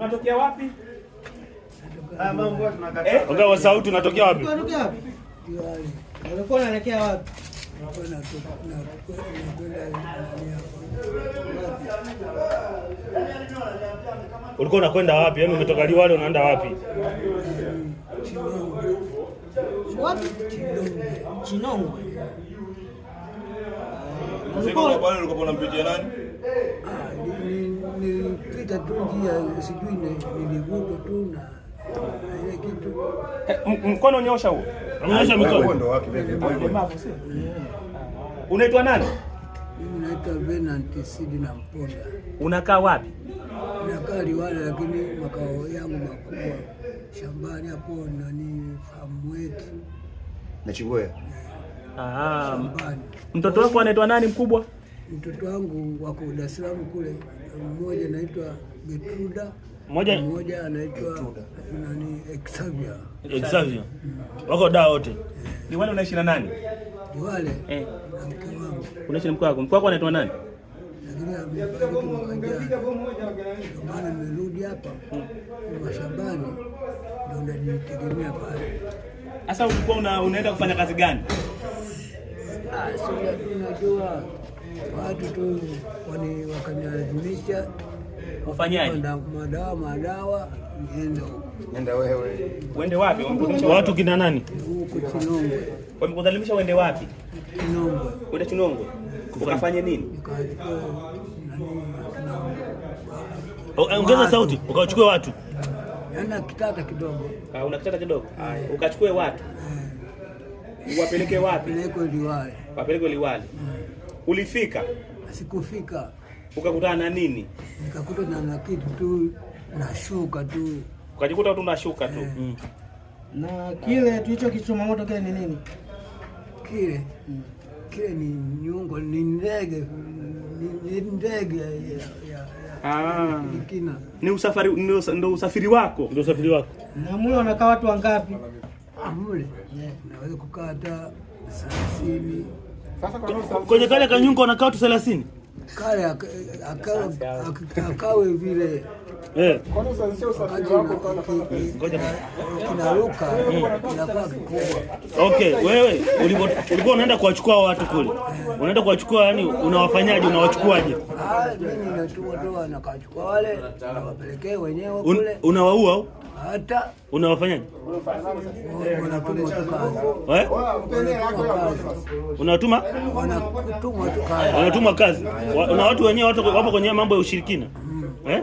Unatokea wapi? Ah, eh? Ongea kwa sauti, unatokea wapi? Ulikuwa unakwenda wapi? Yaani umetoka Liwale unaenda wapi? Chinongo. Chinongo. Chinongo. Ulikuwa unampitia nani? kupita tu njia, sijui ni tu na ile kitu. Eh, mkono nyosha huo, nyosha mikono. Unaitwa nani? Mimi naitwa Venant Sidi na Mponda. Unakaa wapi? Nakaa Liwale, lakini makao yangu makubwa shambani hapo nani famu wetu Nachingwea. Mtoto wako anaitwa nani mkubwa? mtoto wangu wako Dar es Salaam kule, mmoja anaitwa Getruda, mmoja anaitwa nani, Xavier. Xavier mm. wako da wote eh. ni wale. Unaishi na nani? Ni wale eh. na mke wangu. Unaishi na mke wako? Mke wako anaitwa nani? Lakini amefariki mwaka nimerudi hapa hmm. mashambani, ndio najitegemea pale. Sasa ulikuwa unaenda kufanya kazi gani? Ah, unajua watu tu wakanilazimisha wafanyaje, madawa madawa, niende nenda wewe, uende wapi? Watu kina nani huko Chinongwe wamekudhalimisha, uende wapi? Chinongwe, uende Chinongwe ukafanye nini? Eh, ongeza sauti, ukachukue watu Yana yaani kitata kidogo. Ah, una kitata kidogo. Ah, ukachukue watu. Eh. Uwapeleke wapi? Wapeleke liwali Wapeleke liwali mm. Ulifika? Sikufika. Ukakutana na nini? Nikakutana na kitu tu, nashuka tu, ukajikuta tu nashuka tu eh. mm. na kile tulichokichoma moto kile ni nini? Kile mm. kile ni nyungo, ni ndege, ni ndege Ah. Ni usafari ndio usafiri wako? Ndio usafiri wako. Na mule wanakaa watu wangapi? Ah, mule. Yeah. Naweza kukaa hata kwenye kale kanyungo wanakaa tu 30? Kale akawe akawe vile eh. Okay, wewe ulikuwa unaenda kuwachukua watu kule, unaenda kuwachukua, yani unawafanyaje? Unawachukuaje? Ah, unawaua hata unawafanyaje? Eh? Unawatuma, wanatumwa kazi na watu wenyewe wapo kwenye mambo ya ushirikina eh?